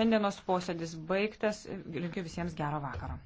Šiandienos posėdis baigtas. Linkiu visiems gero vakaro.